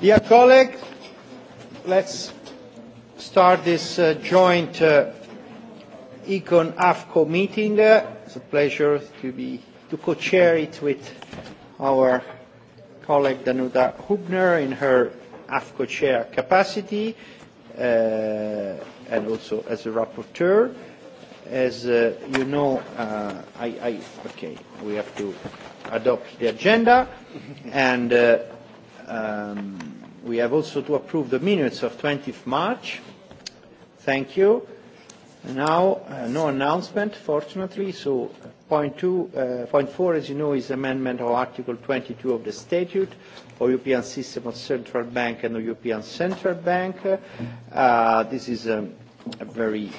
Dear colleague, let's start this uh, joint uh, Econ AFCO meeting. Uh, it's a pleasure to be to co-chair it with our colleague Danuta Hubner in her AFCO chair capacity uh, and also as a rapporteur. As uh, you know, uh, I, I, okay, we have to adopt the agenda and uh, um, We have also to approve the minutes of 20th March. Thank you. Now, uh, no announcement, fortunately. So point, two, uh, point four, as you know, is amendment of Article 22 of the Statute of European System of Central Bank and the European Central Bank. Uh, this is a, a very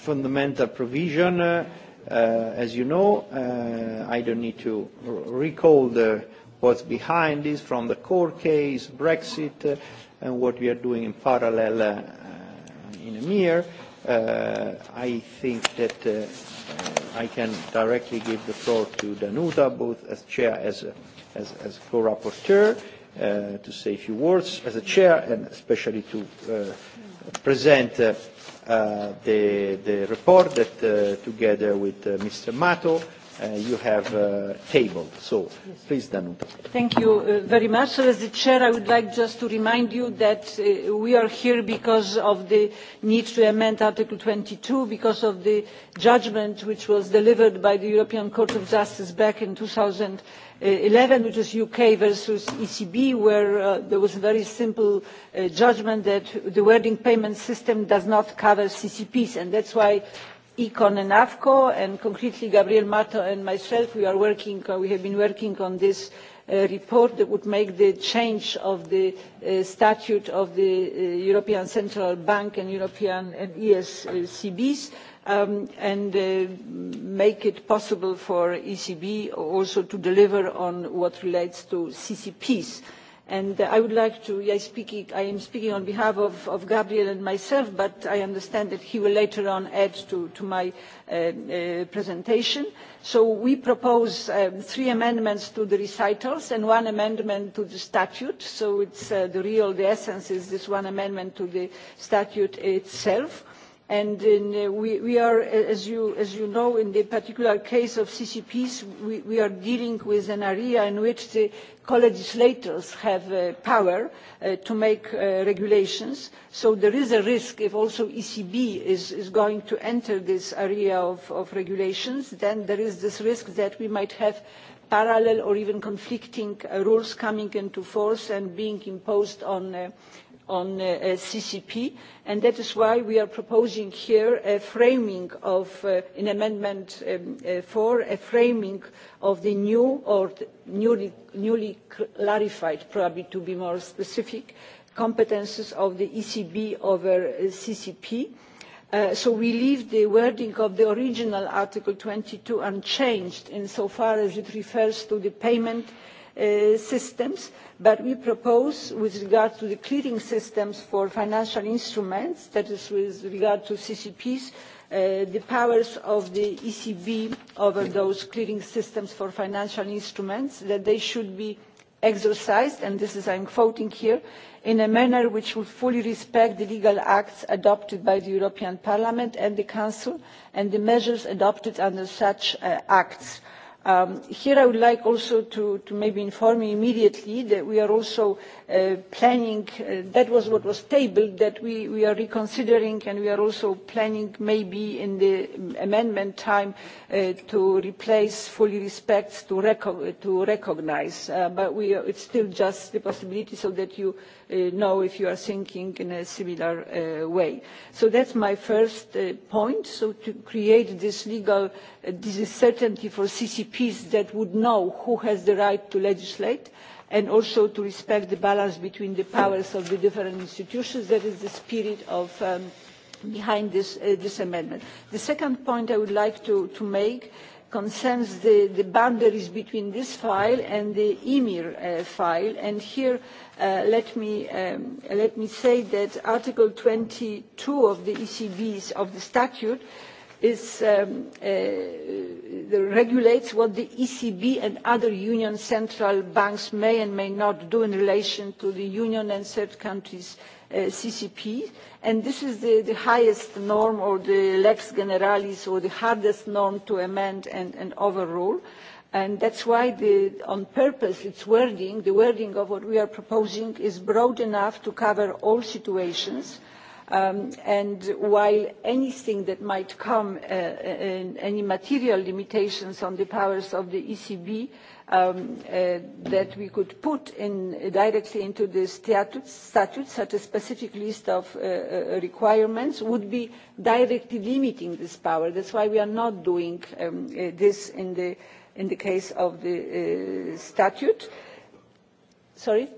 fundamental provision. Uh, uh, as you know, uh, I don't need to recall the what's behind this from the core case, Brexit, uh, and what we are doing in parallel uh, uh in EMIR. Uh, I think that uh, uh, I can directly give the floor to Danuta, both as chair as, as, as co-rapporteur, uh, to say a few words as a chair and especially to uh, present uh, uh, the, the report that uh, together with uh, Mr. Mato uh, you have uh, tabled. So yes. please, Danuta. Thank you uh, very much. So as the chair, I would like just to remind you that uh, we are here because of the need to amend Article 22, because of the judgment which was delivered by the European Court of Justice back in 2000 eleven which is uk versus ecb where uh, there was a very simple uh, judgment that the wording payment system does not cover ccps and that is why econ and afco and concretely gabriel mato and myself we are working uh, we have been working on this uh, report that would make the change of the uh, statute of the uh, european central bank and european and escbs um, and uh, make it possible for the ecb also to deliver on what relates to ccps. And I would like to, yeah, speaking, I am speaking on behalf of, of Gabriel and myself, but I understand that he will later on add to, to my uh, uh, presentation. So we propose um, three amendments to the recitals and one amendment to the statute. So it's uh, the real, the essence is this one amendment to the statute itself. Uh, and in, uh, we, we are, as you, as you know, in the particular case of CCPs, we, we are dealing with an area in which the co-legislators have uh, power uh, to make uh, regulations. So there is a risk if also ECB is, is going to enter this area of, of regulations, then there is this risk that we might have parallel or even conflicting uh, rules coming into force and being imposed on uh, on uh, uh CCP, and that is why we are proposing here a framing of, uh, in Amendment um, uh, 4, a framing of the new or the newly, newly clarified, probably to be more specific, competences of the ECB over uh, CCP. Uh, so we leave the wording of the original Article 22 unchanged insofar as it refers to the payment uh, uh, systems but we propose with regard to the clearing systems for financial instruments that is with regard to ccps uh, the powers of the ecb over those clearing systems for financial instruments that they should be exercised and this is i am quoting here in a manner which would fully respect the legal acts adopted by the european parliament and the council and the measures adopted under such uh, acts' Um, here i would like also to, to maybe inform you immediately that we are also uh, planning uh, that was what was tabled that we, we are reconsidering and we are also planning maybe in the amendment time uh, to replace fully respects to, reco to recognise' uh, but we are, it's still just the possibility so that you Uh, know if you are thinking in a similar uh, way. so that is my first uh, point so to create this legal this certainty for ccps that would know who has the right to legislate and also to respect the balance between the powers of the different institutions that is the spirit of, um, behind this, uh, this amendment. the second point i would like to, to make concerns the, the boundaries between this file and the EMIR uh, file. And here, uh, let, me, um, let me say that Article 22 of the ECB's, of the statute, is, um, uh, regulates what the ECB and other union central banks may and may not do in relation to the union and third countries' Uh, CCP, and this is the, the highest norm or the lex generalis or the hardest norm to amend and, and overrule. And that's why the, on purpose its wording, the wording of what we are proposing is broad enough to cover all situations. Um, and while anything that might come, uh, uh, uh any material limitations on the powers of the ECB uh, um, uh, that we could put in directly into the statute, statute such a specific list of uh, uh, requirements would be directly limiting this power. That's why we are not doing um, uh, this in the, in the case of the uh, statute. Sorry?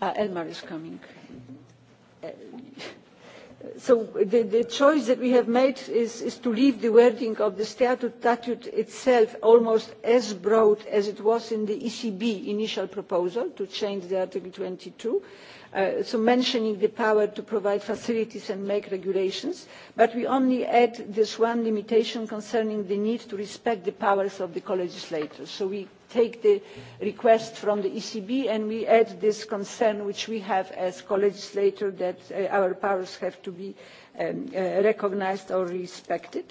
Uh, Elmar is coming. Uh, so the, the choice that we have made is, is to leave the wording of the statute itself almost as broad as it was in the ecb initial proposal to change the article twenty two uh, so mentioning the power to provide facilities and make regulations but we only add this one limitation concerning the need to respect the powers of the co legislators so we take the request from the ecb and we add this concern which we have as co legislators that uh, our powers have to be um, uh, recognised or respected.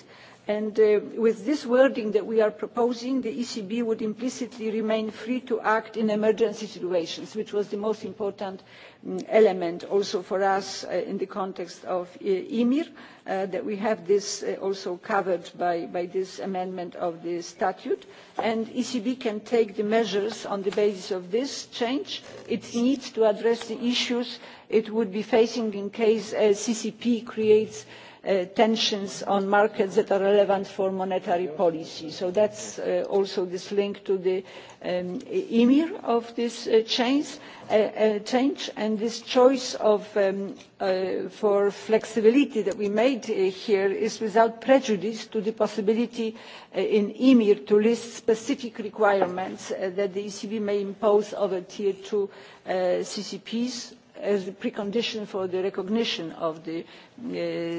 And, uh, with this wording that we are proposing the ecb would implicitly remain free to act in emergency situations which was the most important um, element also for us uh, in the context of uh, emir uh, that we have this uh, also covered by, by this amendment of the statute and the ecb can take the measures on the basis of this change. it needs to address the issues it would be facing in case a uh, ccp creates Uh, tensions on markets that are relevant for monetary policy. So that's uh, also this link to the um, emir of this uh, change, uh, uh, change and this choice of, um, uh, for flexibility that we made uh, here is without prejudice to the possibility uh, in emir to list specific requirements uh, that the ECB may impose over tier 2 uh, CCPs as the precondition for the recognition of the uh,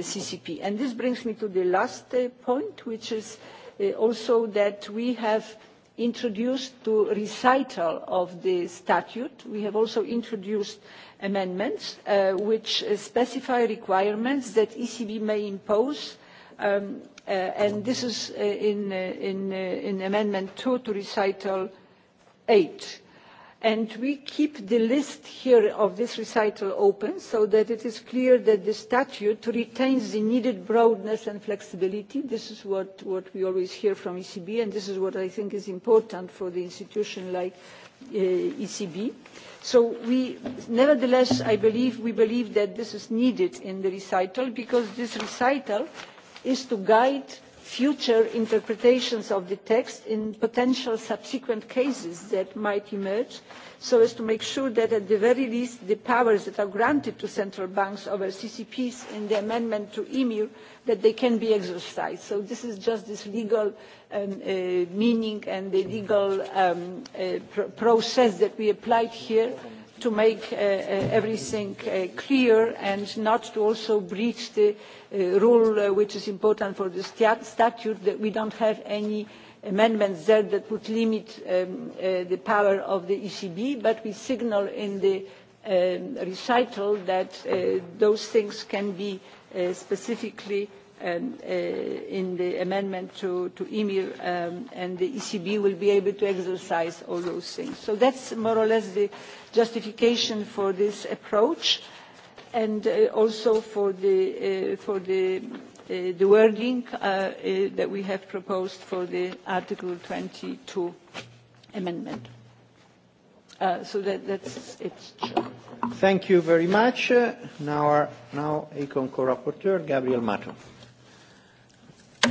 CCP. And this brings me to the last uh, point, which is uh, also that we have introduced to recital of the statute, we have also introduced amendments uh, which uh, specify requirements that ECB may impose um, uh, and this is uh, in, uh, in, uh, in amendment 2 to recital 8 and we keep the list here of this recital open so that it is clear that the statute retains the needed broadness and flexibility. This is what, what we always hear from ECB, and this is what I think is important for the institution like uh, ECB. So we, nevertheless, I believe, we believe that this is needed in the recital because this recital is to guide uh, future interpretations of the text in potential subsequent cases that might emerge so as to make sure that at the very least the powers that are granted to central banks over ccps in the amendment to emir that they can be exercised. so this is just this legal um, uh, meaning and the legal um, uh, pr process that we applied here to make uh, uh, everything uh, clear and not to also breach the uh, rule uh, which is important for the statute that we do not have any amendments there that would limit um, uh, the power of the ecb but we signal in the um, recital that those things can be specifically um, uh, in the amendment to, to EMIR, um, and the ECB will be able to exercise all those things. So that's more or less the justification for this approach, and uh, also for the, uh, for the, uh, the wording uh, uh, that we have proposed for the Article 22 amendment. Uh, so that, that's it. Thank you very much. Uh, now, our, now Econ co-rapporteur Gabriel Mato.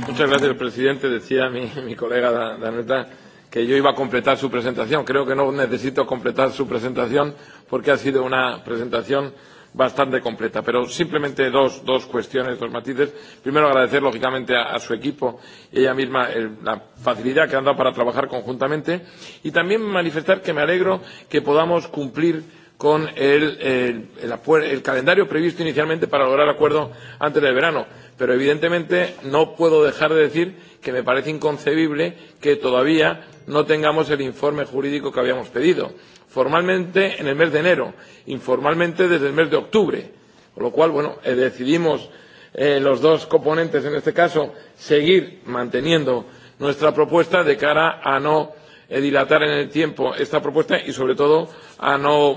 Muchas gracias, presidente. Decía mi, mi colega Daneta que yo iba a completar su presentación. Creo que no necesito completar su presentación porque ha sido una presentación bastante completa. Pero simplemente dos, dos cuestiones, dos matices. Primero, agradecer lógicamente a, a su equipo y ella misma el, la facilidad que han dado para trabajar conjuntamente. Y también manifestar que me alegro que podamos cumplir con el, el, el, el calendario previsto inicialmente para lograr acuerdo antes del verano. Pero evidentemente no puedo dejar de decir que me parece inconcebible que todavía no tengamos el informe jurídico que habíamos pedido. Formalmente en el mes de enero, informalmente desde el mes de octubre. Con lo cual, bueno, eh, decidimos eh, los dos componentes en este caso seguir manteniendo nuestra propuesta de cara a no Eh, dilatar en el tiempo esta propuesta y, sobre todo, a no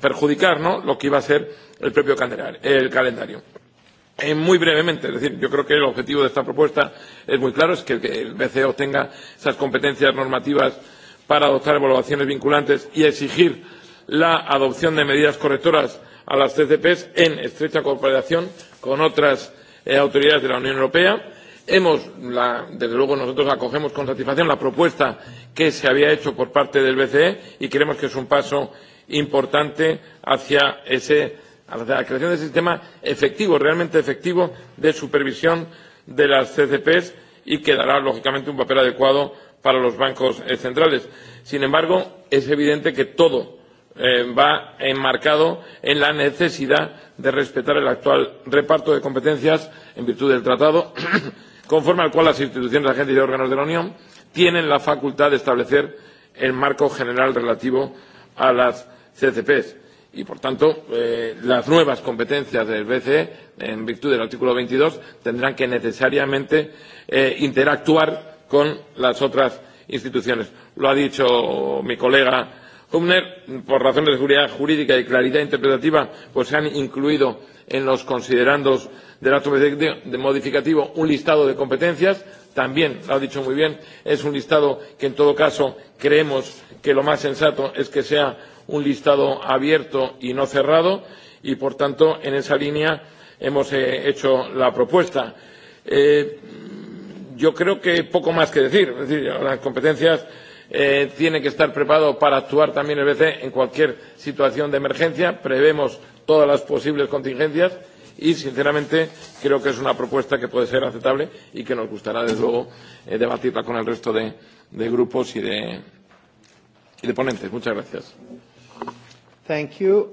perjudicar ¿no? lo que iba a ser el propio el calendario. Eh, muy brevemente, es decir, yo creo que el objetivo de esta propuesta es muy claro, es que el BCE obtenga esas competencias normativas para adoptar evaluaciones vinculantes y exigir la adopción de medidas correctoras a las CCP en estrecha cooperación con otras eh, autoridades de la Unión Europea Hemos, la, desde luego, nosotros acogemos con satisfacción la propuesta que se había hecho por parte del BCE y creemos que es un paso importante hacia ese, hacia la creación de ese sistema efectivo, realmente efectivo, de supervisión de las CCPs y que dará, lógicamente, un papel adecuado para los bancos eh, centrales. Sin embargo, es evidente que todo eh, va enmarcado en la necesidad de respetar el actual reparto de competencias en virtud del tratado conforme al cual las instituciones, agentes y órganos de la Unión tienen la facultad de establecer el marco general relativo a las CCPs. Y, por tanto, eh, las nuevas competencias del BCE, en virtud del artículo 22, tendrán que necesariamente eh, interactuar con las otras instituciones. Lo ha dicho mi colega Hübner, por razones de seguridad jurídica y claridad interpretativa, pues se han incluido en los considerandos del acto modificativo un listado de competencias. También, lo ha dicho muy bien, es un listado que en todo caso creemos que lo más sensato es que sea un listado abierto y no cerrado y, por tanto, en esa línea hemos eh, hecho la propuesta. Eh, yo creo que poco más que decir. Es decir, las competencias eh, tiene que estar preparado para actuar también el BCE en cualquier situación de emergencia. Prevemos todas las posibles contingencias y, sinceramente, creo que es una propuesta que puede ser aceptable y que nos gustará, desde luego, eh, debatirla con el resto de, de grupos y de, y de ponentes. Muchas gracias. Thank you.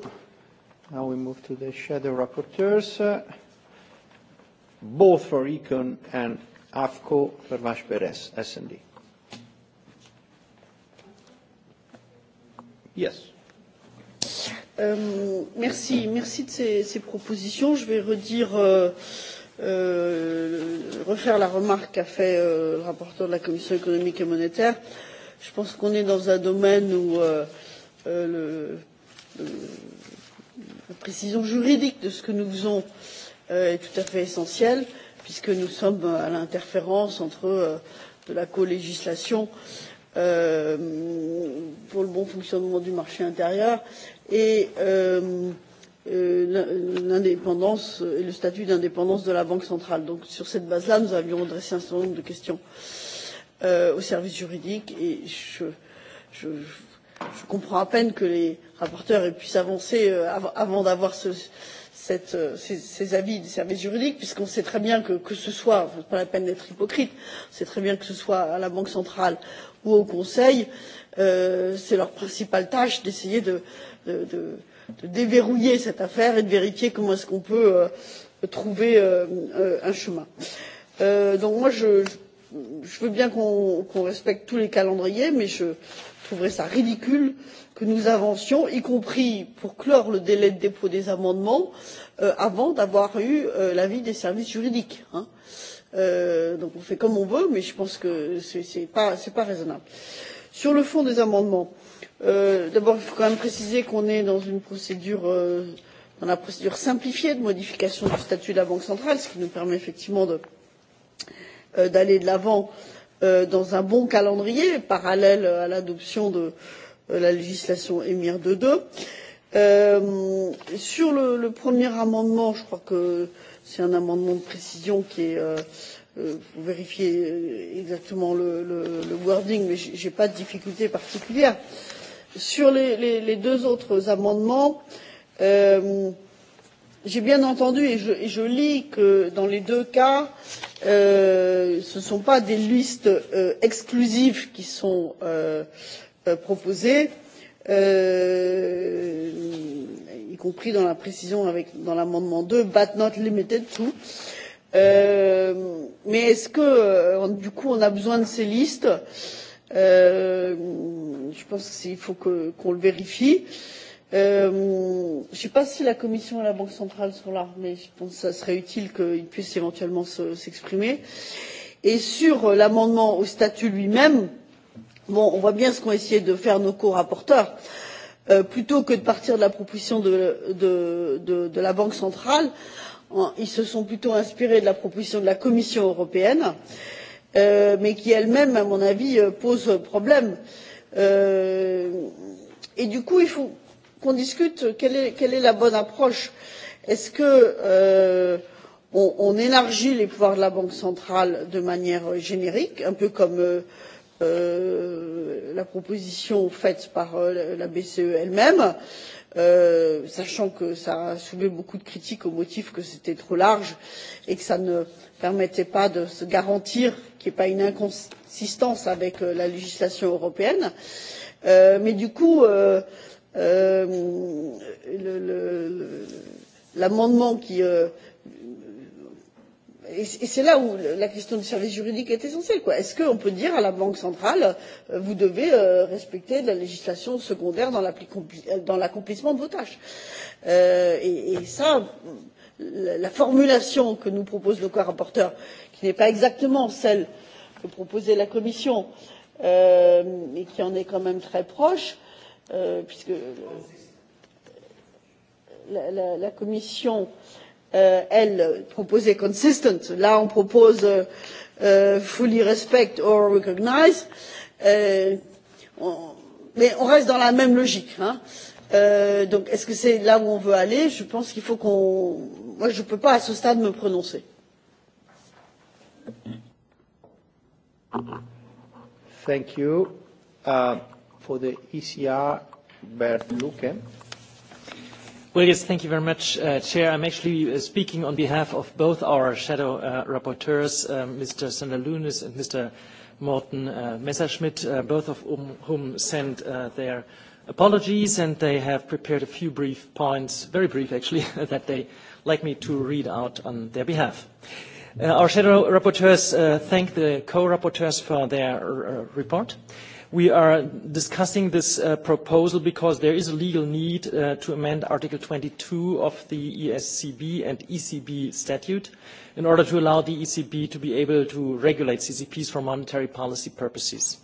Now we move to the shadow rapporteurs, uh, both for Econ and AFCO, Pervash Perez, S&D. Yes. Euh, merci, merci de ces, ces propositions. Je vais redire, euh, euh, refaire la remarque qu'a fait euh, le rapporteur de la Commission économique et monétaire. Je pense qu'on est dans un domaine où euh, euh, le, le, la précision juridique de ce que nous faisons euh, est tout à fait essentielle, puisque nous sommes à l'interférence entre euh, de la colégislation euh, euh, pour le bon fonctionnement du marché intérieur et euh, euh, l'indépendance et le statut d'indépendance de la Banque centrale. Donc sur cette base-là, nous avions adressé un certain nombre de questions euh, au service juridique et je, je, je comprends à peine que les rapporteurs aient pu avancer euh, avant d'avoir ce, cette, euh, ces, ces avis des services juridiques puisqu'on sait très bien que que ce soit ce n'est pas la peine d'être hypocrite on sait très bien que ce soit à la banque centrale ou au conseil euh, c'est leur principale tâche d'essayer de, de, de, de déverrouiller cette affaire et de vérifier comment est ce qu'on peut euh, trouver euh, euh, un chemin. Euh, donc moi je, je veux bien qu'on qu respecte tous les calendriers mais je trouverais ça ridicule euh, que nous avancions y compris pour clore le délai de dépôt des amendements euh, avant d'avoir eu euh, l'avis des services juridiques. Hein. Euh, donc on fait comme on veut mais je pense que ce n'est pas, pas raisonnable. sur le fond des amendements euh, d'abord il faut quand même préciser qu'on est dans une procédure euh, dans la procédure simplifiée de modification du statut de la banque centrale ce qui nous permet effectivement euh, d'aller de l'avant dans un bon calendrier parallèle à l'adoption de euh, Euh, la législation emir de deux. Euh, sur le, le premier amendement, je crois que c'est un amendement de précision qui est euh, euh pour vérifier euh, exactement le, le, le wording, mais je n'ai pas de difficulté particulière. Sur les, les, les deux autres amendements, euh, j'ai bien entendu et je, et je lis que dans les deux cas, euh, ce ne sont pas des listes euh, exclusives qui sont euh, Euh, proposée euh, y compris dans la précision avec, dans l'amendement deux but not limited to euh, mais est ce que du coup on a besoin de ces listes? Euh, je pense qu'il faut qu'on qu le vérifie. Euh, je ne sais pas si la Commission et la Banque centrale sont là, mais je pense que ça serait utile qu'ils puissent éventuellement s'exprimer. Se, et sur l'amendement au statut lui-même, Bon, on voit bien ce qu'ont essayé de faire nos corapporteurs. Euh, plutôt que de partir de la proposition de, de, de, de la Banque centrale, en, ils se sont plutôt inspirés de la proposition de la Commission européenne, euh, mais qui elle-même, à mon avis, euh, pose problème. Euh, et du coup, il faut qu'on discute quelle est, quelle est la bonne approche. Est-ce que euh, on, on élargit les pouvoirs de la Banque centrale de manière euh, générique, un peu comme euh, euh, la proposition faite par euh, la bce elle même euh, sachant que cela a soulevé beaucoup de critiques au motif que c'était trop large et que cela ne permettait pas de se garantir qu'il n'y ait pas une inconsistance avec euh, la législation européenne. Euh, mais du coup euh, l'amendement qui et c'est là où la question du service juridique est essentielle. Est ce qu'on peut dire à la Banque centrale euh, vous devez euh, respecter la législation secondaire euh, dans l'accomplissement de vos tâches? Euh, et, et ça, la formulation que nous propose le corapporteur, qui n'est pas exactement celle que proposait la Commission, euh, mais qui en est quand même très proche, euh, puisque la, la, la Commission euh, euh, elle proposait consistent là on propose euh, euh, fully respect or recognize euh, on, mais on reste dans la même logique hein. euh, donc est ce que c'est là où on veut aller je pense qu'il faut qu'on moi je ne peux pas à ce stade me prononcer Thank you. Uh, for the ECR, Bert Luke. Well, yes, thank you very much, uh, Chair. I'm actually uh, speaking on behalf of both our shadow uh, rapporteurs, uh, Mr. Sander Lunis and Mr. Morten uh, Messerschmidt, uh, both of whom, whom sent uh, their apologies, and they have prepared a few brief points, very brief actually, that they like me to read out on their behalf. Uh, our shadow rapporteurs uh, thank the co-rapporteurs for their uh, report. Uh, We are discussing this uh, proposal because there is a legal need uh, to amend Article 22 of the ESCB and ECB statute in order to allow the ECB to be able to regulate CCPs for monetary policy purposes.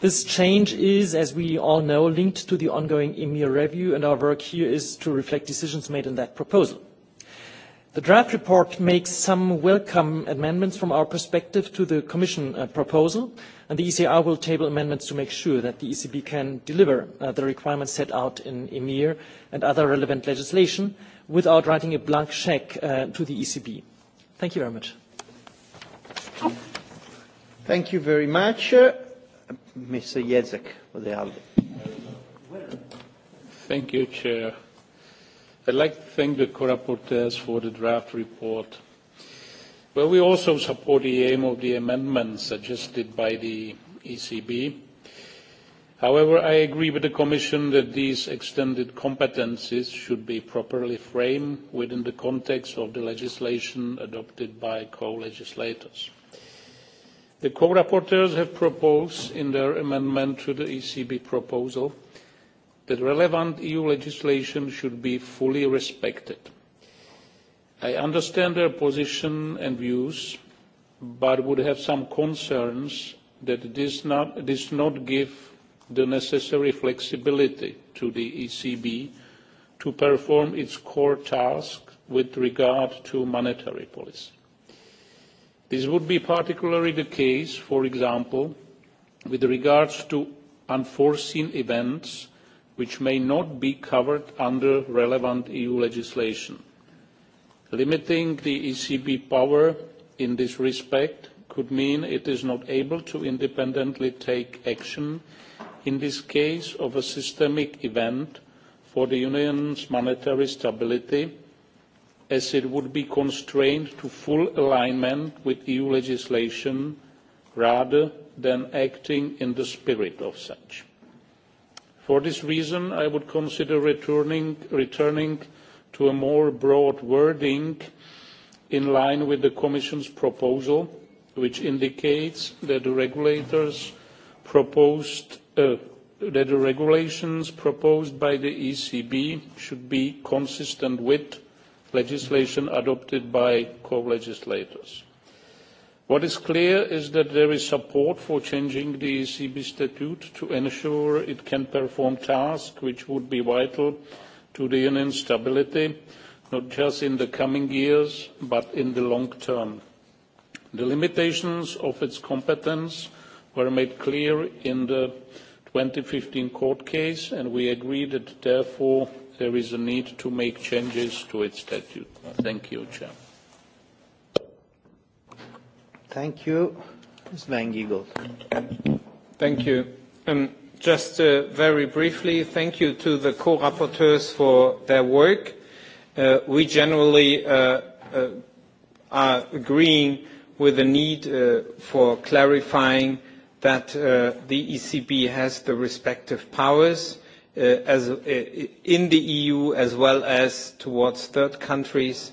This change is, as we all know, linked to the ongoing EMIR review, and our work here is to reflect decisions made in that proposal. The draft report makes some welcome amendments from our perspective to the Commission uh, proposal, and the ECR will table amendments to make sure that the ECB can deliver uh, the requirements set out in EMIR and other relevant legislation without writing a blank cheque uh, to the ECB. Thank you very much. Thank you very much. Uh, Mr. Jezek for the ALDE. Thank you, Chair. I'd like to thank the co-rapporteurs for the draft report. Well, we also support the aim of the amendments suggested by the ECB. However, I agree with the Commission that these extended competencies should be properly framed within the context of the legislation adopted by co-legislators. The co-rapporteurs have proposed in their amendment to the ECB proposal that relevant eu legislation should be fully respected. i understand their position and views but would have some concerns that this not, does not give the necessary flexibility to the ecb to perform its core task with regard to monetary policy. This would be particularly the case, for example, with regards to unforeseen events which may not be covered under relevant EU legislation. Limiting the ECB power in this respect could mean it is not able to independently take action in this case of a systemic event for the Union's monetary stability, as it would be constrained to full alignment with EU legislation rather than acting in the spirit of such. For this reason, I would consider returning, returning to a more broad wording in line with the Commission's proposal, which indicates that the regulators proposed uh, that the regulations proposed by the ECB should be consistent with legislation adopted by co-legislators. What is clear is that there is support for changing the ECB statute to ensure it can perform tasks which would be vital to the union's stability, not just in the coming years, but in the long term. The limitations of its competence were made clear in the 2015 court case, and we agree that therefore there is a need to make changes to its statute. Thank you, Chair. Thank you. Sven Giegold. Thank you. Um, just uh, very briefly, thank you to the co-rapporteurs for their work. Uh, we generally uh, uh are agreeing with the need uh, for clarifying that uh, the ECB has the respective powers as, in the EU as well as towards third countries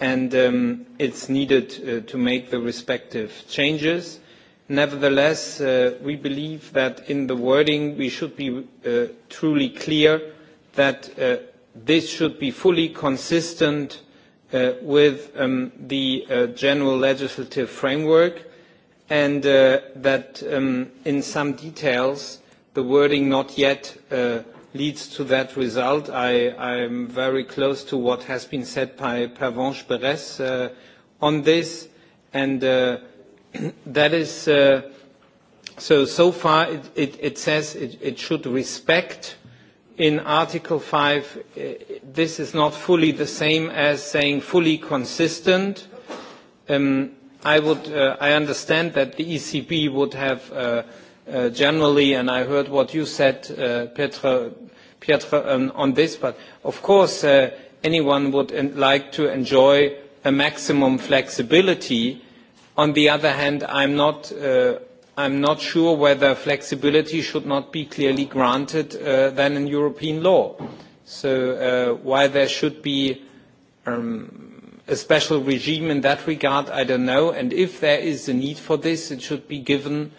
and um, it's needed uh, to make the respective changes. Nevertheless, uh, we believe that in the wording we should be uh, truly clear that uh, this should be fully consistent uh, with um, the uh, general legislative framework and uh, that um, in some details the wording not yet uh, leads to that result. I, I'm very close to what has been said by Pervenche Beres uh, on this, and uh, that is uh, so. So far, it, it, it says it, it should respect. In Article 5, uh, this is not fully the same as saying fully consistent. Um, I would, uh, I understand that the ECB would have. Uh, uh, generally, and I heard what you said, uh, Pietro, Pietro um, on this, but of course uh, anyone would en- like to enjoy a maximum flexibility. On the other hand, I'm not, uh, I'm not sure whether flexibility should not be clearly granted uh, then in European law. So uh, why there should be um, a special regime in that regard, I don't know. And if there is a need for this, it should be given uh,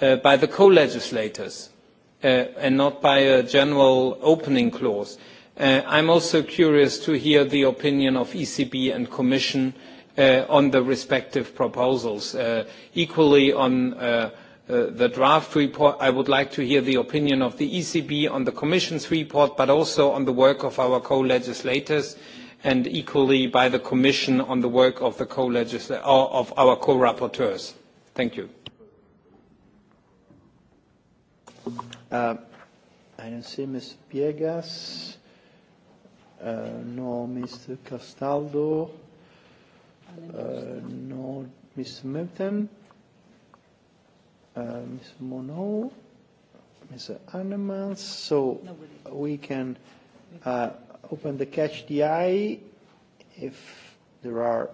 uh, by the co-legislators uh, and not by a general opening clause. Uh, I'm also curious to hear the opinion of ECB and Commission uh, on the respective proposals. Uh, equally on uh, uh, the draft report, I would like to hear the opinion of the ECB on the Commission's report, but also on the work of our co-legislators and equally by the Commission on the work of, the co uh, of our co-rapporteurs. Thank you. Uh, I don't see Ms. Piegas. Uh, no, Mr. Castaldo. Uh, no, Ms. Milton. Uh, Ms. Monod. Mr. Annemans. So Nobody. we can uh, open the catch the eye if there are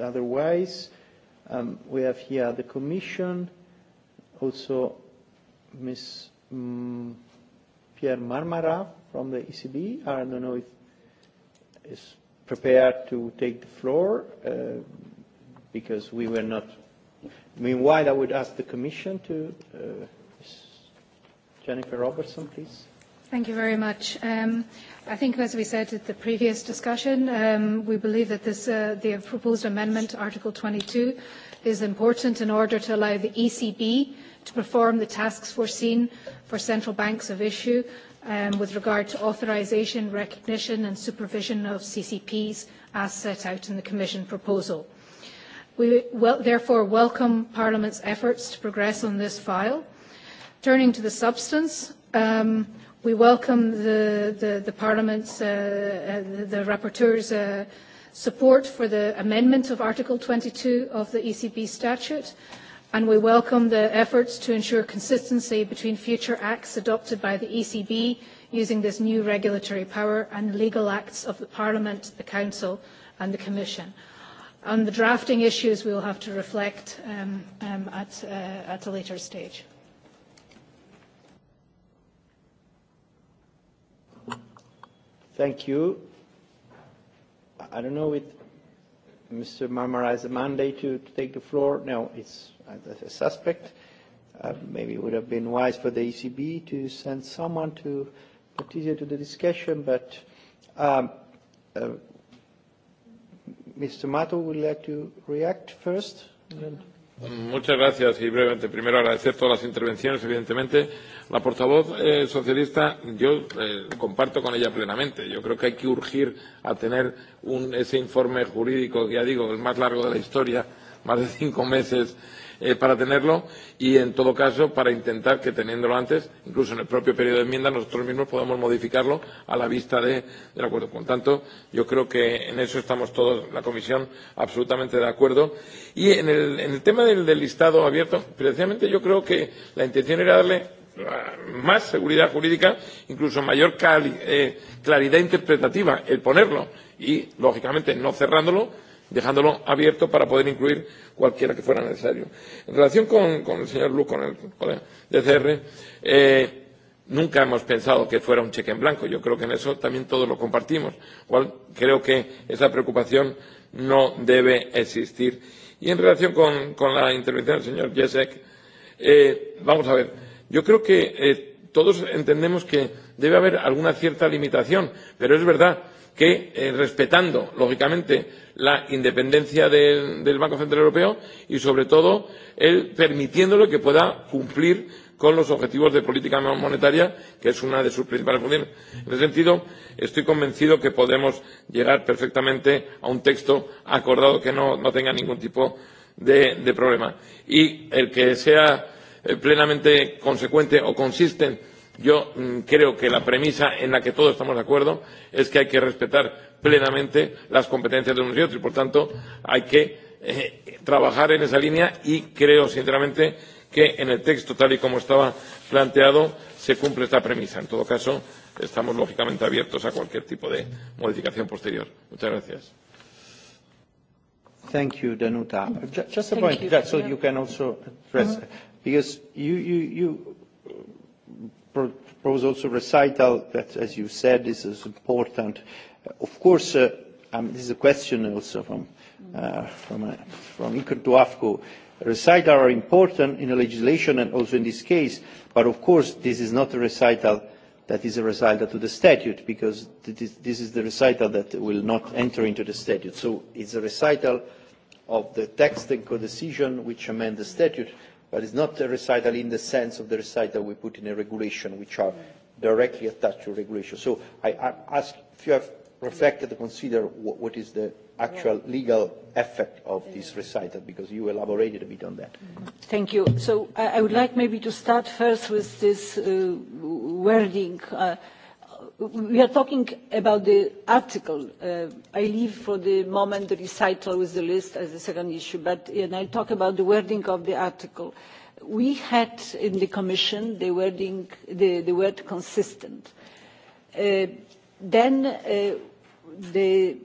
otherwise. Um, we have here the Commission, also Ms. Mm, Pierre Marmara from the ECB. I don't know if is prepared to take the floor uh, because we were not. Meanwhile, I would ask the Commission to. Uh, Jennifer Robertson, please. Thank you very much. Um, I think, as we said at the previous discussion, um, we believe that this, uh, the proposed amendment, Article 22, is important in order to allow the ECB to perform the tasks foreseen for central banks of issue um, with regard to authorization, recognition and supervision of CCPs as set out in the Commission proposal. We wel therefore welcome Parliament's efforts to progress on this file. Turning to the substance, um, We welcome the, the, the Parliament's, uh, uh, the, the Rapporteur's uh, support for the amendment of Article 22 of the ECB statute, and we welcome the efforts to ensure consistency between future acts adopted by the ECB using this new regulatory power and legal acts of the Parliament, the Council and the Commission. On the drafting issues, we will have to reflect um, um, at, uh, at a later stage. Thank you. I don't know if Mr. Marmara has a mandate to, to take the floor. No, it's a suspect. Uh, maybe it would have been wise for the ECB to send someone to participate to the discussion, but um, uh, Mr. Mato would like to react first. And then... Muchas gracias y brevemente. Primero agradecer todas las intervenciones, evidentemente. La portavoz eh, socialista yo eh, comparto con ella plenamente. Yo creo que hay que urgir a tener un, ese informe jurídico, ya digo, el más largo de la historia más de cinco meses eh, para tenerlo y, en todo caso, para intentar que, teniéndolo antes, incluso en el propio periodo de enmienda, nosotros mismos podamos modificarlo a la vista de, del acuerdo. Por tanto, yo creo que en eso estamos todos, la Comisión, absolutamente de acuerdo. Y en el, en el tema del, del listado abierto, precisamente yo creo que la intención era darle ah, más seguridad jurídica, incluso mayor cali, eh, claridad interpretativa el ponerlo y, lógicamente, no cerrándolo, dejándolo abierto para poder incluir cualquiera que fuera necesario. En relación con, con el señor Lu, con el colega de CR, eh, nunca hemos pensado que fuera un cheque en blanco. Yo creo que en eso también todos lo compartimos. Cual, creo que esa preocupación no debe existir. Y en relación con, con la intervención del señor Jesek, eh, vamos a ver, yo creo que eh, todos entendemos que debe haber alguna cierta limitación, pero es verdad que, eh, respetando, lógicamente, la independencia de, del Banco Central Europeo y, sobre todo, el, permitiéndole que pueda cumplir con los objetivos de política monetaria, que es una de sus principales funciones. En ese sentido, estoy convencido que podemos llegar perfectamente a un texto acordado que no, no tenga ningún tipo de, de problema. Y el que sea eh, plenamente consecuente o consistente Yo mmm, creo que la premisa en la que todos estamos de acuerdo es que hay que respetar plenamente las competencias de unos y otros y, por tanto, hay que eh, trabajar en esa línea y creo, sinceramente, que en el texto tal y como estaba planteado se cumple esta premisa. En todo caso, estamos lógicamente abiertos a cualquier tipo de modificación posterior. Muchas gracias. Thank you, Danuta. Just a Thank point, you. so you can also address, mm -hmm. because you, you, you propose also recital that, as you said, is, is important. Uh, of course, uh, um, this is a question also from, uh, from, uh, from ICON to AFCO. Recitals are important in the legislation and also in this case, but of course this is not a recital that is a recital to the statute because this, this is the recital that will not enter into the statute. So it's a recital of the text and co-decision which amend the statute, but it's not a recital in the sense of the recital we put in a regulation, which are directly attached to regulation. So I, I ask if you have reflected, consider what, what is the actual legal effect of this recital, because you elaborated a bit on that. Thank you. So I, I would like maybe to start first with this uh, wording. Uh, we are talking about the article. Uh, I leave for the moment the recital with the list as a second issue, but and I'll talk about the wording of the article. We had in the Commission the, wording, the, the word consistent. Uh, then uh, the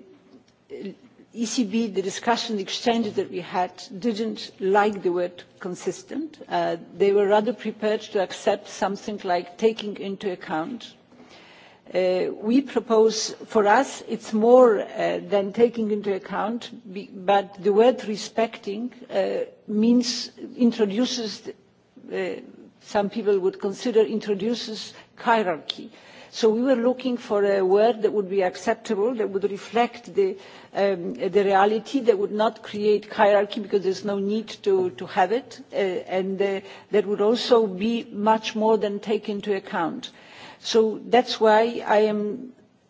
ECB, the discussion, the exchange that we had, didn't like the word consistent. Uh, they were rather prepared to accept something like taking into account Uh, we propose for us it is more uh, than taking into account be, but the word respecting uh, means introduces uh, some people would consider introduces hierarchy so we were looking for a word that would be acceptable that would reflect the, um, the reality that would not create hierarchy because there is no need to, to have it uh, and uh, that would also be much more than taken into account so that is why i am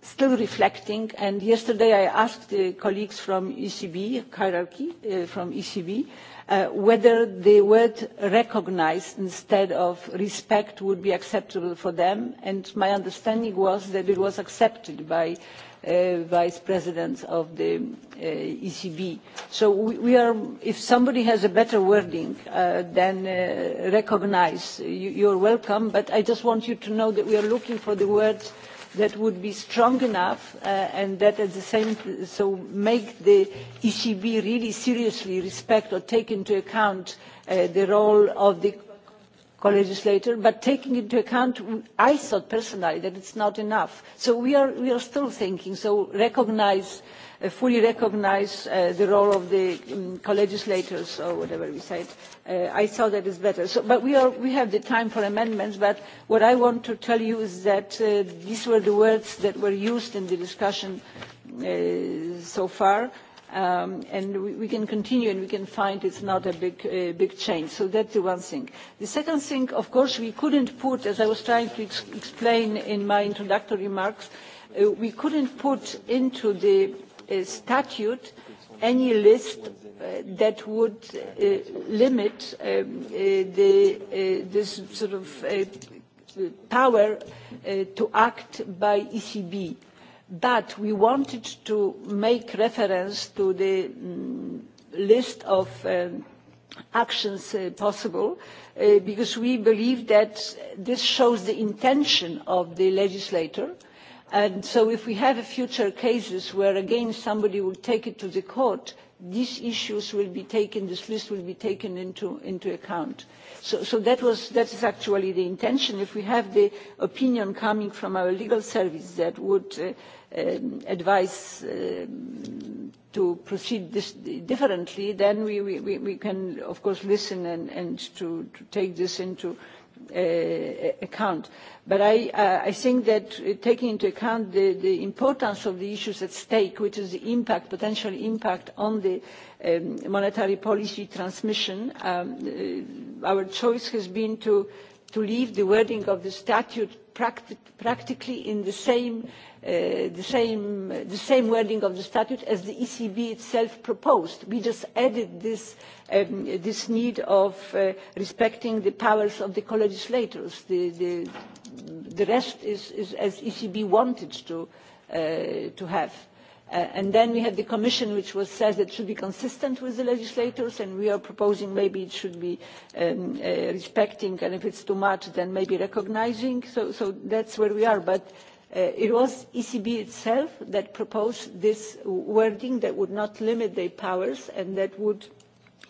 still reflecting and yesterday i asked the colleagues from ecb hierarchy uh, from ecb uh, whether the word recognise instead of respect would be acceptable for them and my understanding was that it was accepted by uh, uh, vice presidents of the uh, ECB. So we, we are, if somebody has a better wording, uh, then uh, recognize. You, you're welcome, but I just want you to know that we are looking for the words that would be strong enough uh, and that at the same so make the ECB really seriously respect or take into account uh, the role of the co-legislator, but taking into account, I thought personally that it's not enough. So we are, we are still thinking, so recognize, uh, fully recognize uh, the role of the um, co-legislators or whatever we said. Uh, I thought that is better. So, but we, are, we have the time for amendments, but what I want to tell you is that uh, these were the words that were used in the discussion uh, so far. Uh, um, and we, we can continue and we can find it's not a big, uh, big change. So that's the one thing. The second thing, of course, we couldn't put, as I was trying to ex explain in my introductory remarks, uh, we couldn't put into the uh, statute any list uh, that would uh, limit um, uh, the, uh, this sort of uh, power uh, to act by ECB. Uh, but we wanted to make reference to the um, list of um, actions uh, possible uh, because we believe that this shows the intention of the legislator and so if we have future cases where again somebody will take it to the court these issues will be taken this list will be taken into, into account. so, so that, was, that is actually the intention. if we have the opinion coming from our legal service that would uh, Um, advice um, to proceed this differently then we, we, we can of course listen and, and to, to take this into Uh, account. But I, uh, I think that uh, taking into account the, the importance of the issues at stake, which is the impact, potential impact on the um, monetary policy transmission, um, uh, our choice has been to, to leave the wording of the statute practi practically in the same uh, Uh, the same, the same wording of the statute as the ECB itself proposed. We just added this, um, this need of uh, respecting the powers of the co-legislators. The, the, the rest is, is as ECB wanted to, uh, to have. Uh, and then we have the commission which was, says it should be consistent with the legislators and we are proposing maybe it should be um, uh, respecting and if it's too much then maybe recognising. So, so that's where we are. But Uh, it was ECB itself that proposed this wording that would not limit their powers and that would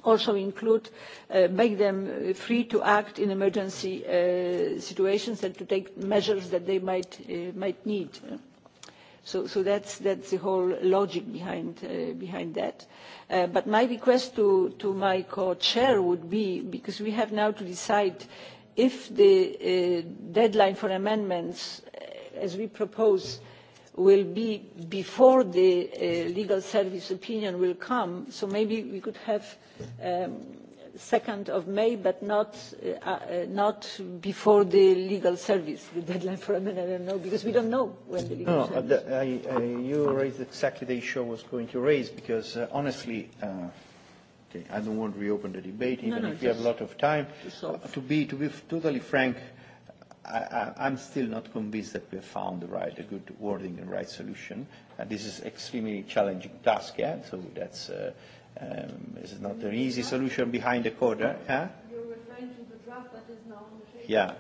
also include uh, make them uh, free to act in emergency uh, situations and to take measures that they might, uh, might need. So, so that's, that's the whole logic behind, uh, behind that. Uh, but my request to, to my co-chair would be, because we have now to decide if the uh, deadline for amendments as we propose will be before the uh, legal service opinion will come so maybe we could have um, second um, of may but not uh, uh, not before the legal service the deadline for amendment i don't know because we don't know when the legal no, service the, I, I, you raised exactly the issue i was going to raise because uh, honestly uh, okay, i don't want to reopen the debate even no, no, if we have a lot of time uh, to be to be totally frank uh, I, I, I'm still not convinced that we have found the right, the good wording and right solution. And uh, this is extremely challenging task, yeah? So that's, uh, um, this is not an easy solution behind the corner, yeah? You're into the draft that is now on the table. Yeah.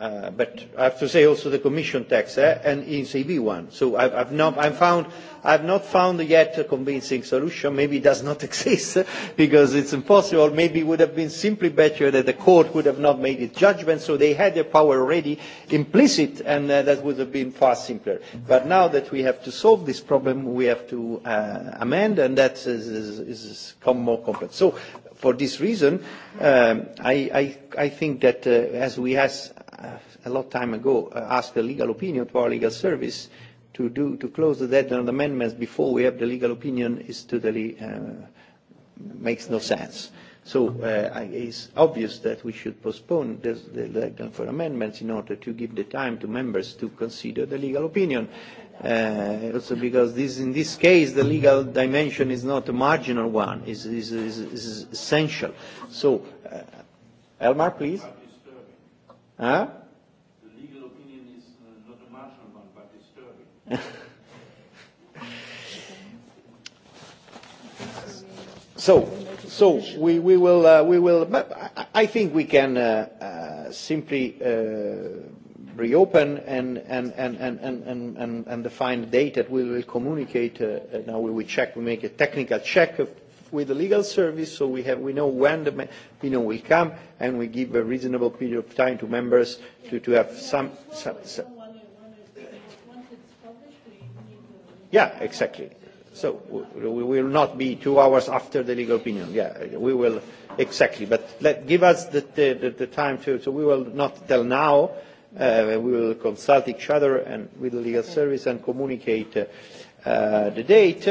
Uh, but I have to say also the Commission text eh, and ECB one. So I've, I've, not, I've, found, I've not found yet a convincing solution. Maybe it does not exist because it's impossible. Maybe it would have been simply better that the court would have not made its judgment. So they had their power already implicit and uh, that would have been far simpler. But now that we have to solve this problem, we have to uh, amend and that is, is, is come more complex. So for this reason, um, I, I, I think that uh, as we has uh, a long time ago uh, asked a legal opinion to our legal service to do to close the deadline on amendments before we have the legal opinion is totally uh, makes no sense. So uh, I, it's obvious that we should postpone this, the deadline for amendments in order to give the time to members to consider the legal opinion uh, also because this, in this case the legal dimension is not a marginal one, is is, is, is essential. So, uh, Elmar, please. Huh? The legal opinion is uh, not a marginal one, but disturbing. so, so we, we will, uh, we will. But I, I think we can uh, uh, simply. Uh, reopen and, and, and, and, and, and, and, and define a date that we will communicate. Uh, uh, now we will check, we make a technical check of, with the legal service so we, have, we know when the you know, will come and we give a reasonable period of time to members to, to have yeah, some... some, some yeah, exactly. So we will not be two hours after the legal opinion. Yeah, we will exactly. But let, give us the, the, the, the time to. So we will not tell now, Uh, we will consult each other and with the legal service and communicate uh, uh, the date.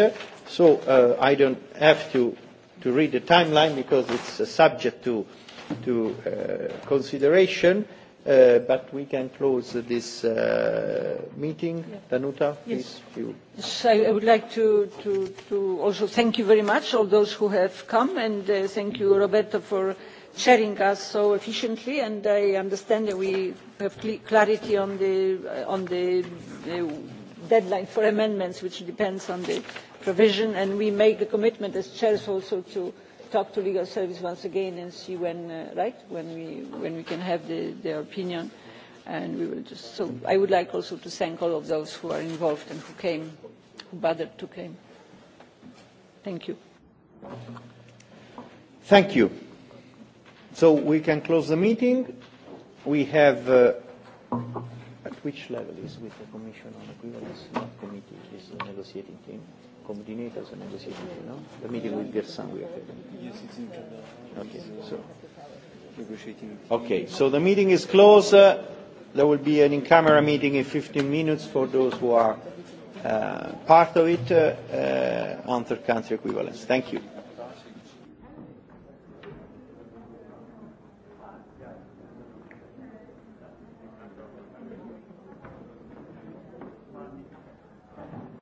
So uh, I don't have to, to read the timeline because it's uh, subject to, to uh, consideration. Uh, Uh, but we can close this uh, meeting. Yeah. Danuta, yes. please. You. Yes, I, I would like to, to, to also thank you very much, all those who have come, and uh, thank you, Roberto, for chairing us so efficiently, and I understand that we have cl clarity on the, on the, the uh, deadline for amendments, which depends on the provision, and we make the commitment as chairs also to talk to legal service once again and see when, uh, right, when we, when we can have the, their opinion. And we will just, so I would like also to thank all of those who are involved and who came, who bothered to came. Thank you. Thank you. So we can close the meeting. We have, uh, at which level is with the Commission on Equivalence Committee is the negotiating team? coordinators and everything, you know? The meeting with Gersan we are having. Yes, it's in Okay, so. Negotiating. Okay, so the meeting is closed. Uh, there will be an in-camera meeting in 15 minutes for those who are uh, part of it uh, uh, on third country equivalence. Thank you.